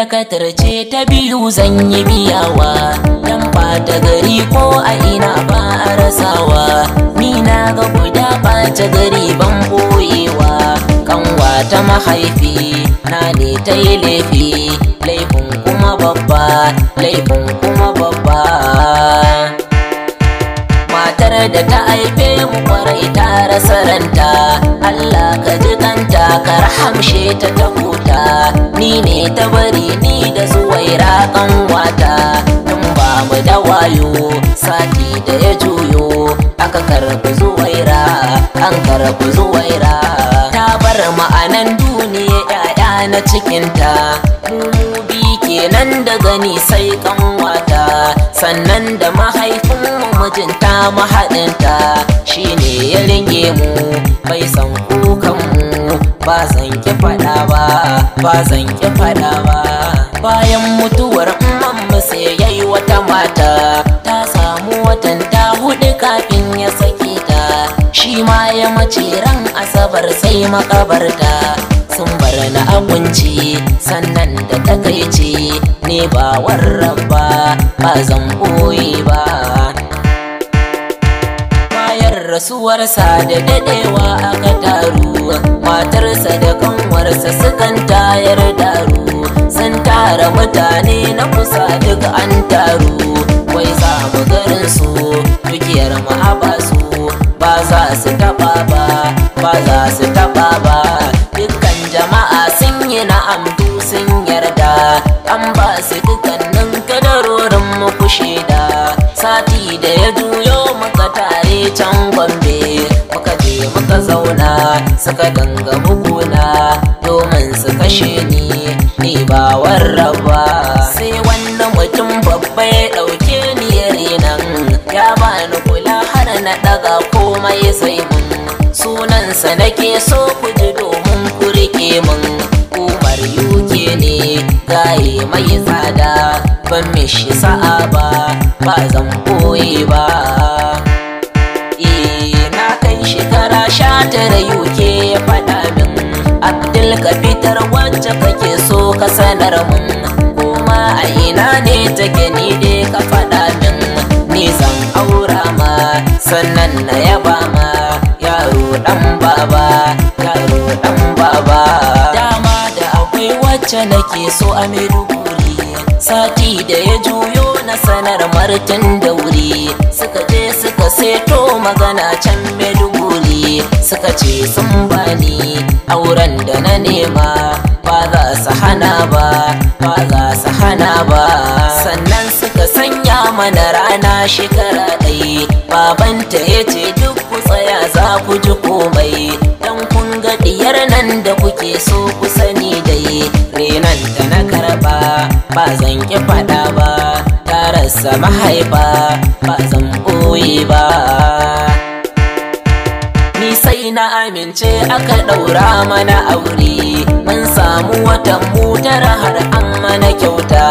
da katarce ta biyu zan yi biyawa dan ta gari ko a ina ba a rasawa ni na ga guda ta gari ban boyewa kanwa ta mahaifi na ne ta yi laifi laifin kuma babba laifin kuma babba da ta haife mu kwarai ta rasa ranta Allah ka ji kanta ka rahamshe ta ta huta ni ne ta bari ni da zuwaira kan wata tun ba mu da wayo sati da ya juyo aka karbi zuwaira an karbi zuwaira ta bar ma'anan duniya ya'ya na cikinta mu kenan da gani sai kanwata sannan da mahaifin mijinta mahaɗinta shine ya ringe mu bai san kukanmu ba zan ki faɗa ba ba zan ki faɗa ba bayan mutuwar mu sai yayi wata mata ta samu watan ta hudu kafin ya saki ta shi ma ya mace ran asabar sai makabarta sun bar na abinci sannan da takaici ne ba warraba ba zan koyi ba rasuwarsa da dadewa aka taru matarsa da kanwarsa sukan tayar daru sun tara mutane na kusa duk an taru wai za mu garin su dukiyar mu ba su ba za su taba ba ba za su taba ba dukkan jama'a sun yi na'amtu sun yarda an ba su dukkanin kadarorin mu kushe da sati da ya juya can gombe muka je muka zauna suka danga buguna domin su kashe ni ni ba warraba sai wani mutum babba ya ɗauke ni renan ya bani kula har na ɗaga komai sai mun sunansa nake so ku ji domin ku rike mun umar yuke ne gaye mai tsada ban mishi sa'a ba ba zan koye ba imel ka fitar wacce kake so ka sanar mun kuma a ina ne take ni dai ka faɗa min ni zan aura ma sannan na yaba ma yaro dan baba yaro dan baba dama da akwai wacce nake so a maiduguri sati da ya juyo na sanar martin da wuri suka je suka seto magana can maiduguri suka ce sun bani auren da na nema ba za su hana ba ba za su hana ba sannan suka sanya mana rana shekara ɗaya, babanta ya ce duk ku tsaya za ku ji komai don kun ga diyar nan da kuke so ku sani dai renan da na karba ba zan ki faɗa ba sa mahaifa ba zan ɓoye ba ni sai na amince aka ɗaura mana aure mun samu watan mu har an mana kyauta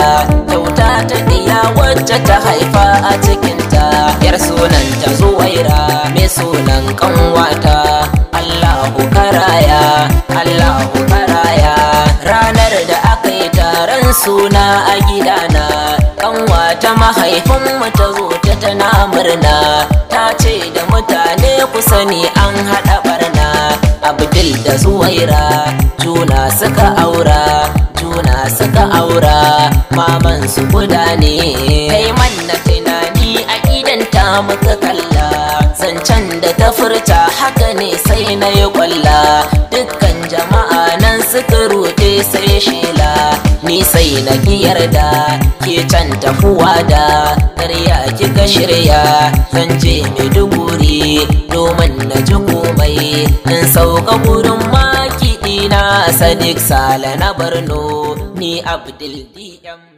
kyauta ta iya wacce ta haifa a cikinta yar sunan ta zuwaira mai sunan kanwata allahu karaya allahu karaya ranar da aka yi taron suna a gidana kanwa ta mahaifinmu ta zo ta tana murna ta ce da mutane ku sani an haɗa barna abdul da zuwaira juna suka aura juna suka aura maman su guda ne kai manna tunani a idan ta muka kalla zancen da ta furta haka ne sai na yi kwalla dukkan jama'a nan suka ruwa sai shela ni sai na ki yarda ke can tafuwa da karya ga shirya zan je maiduguri domin na ji komai in sauka gurin maki dina sadik sala na barno ni abdul dm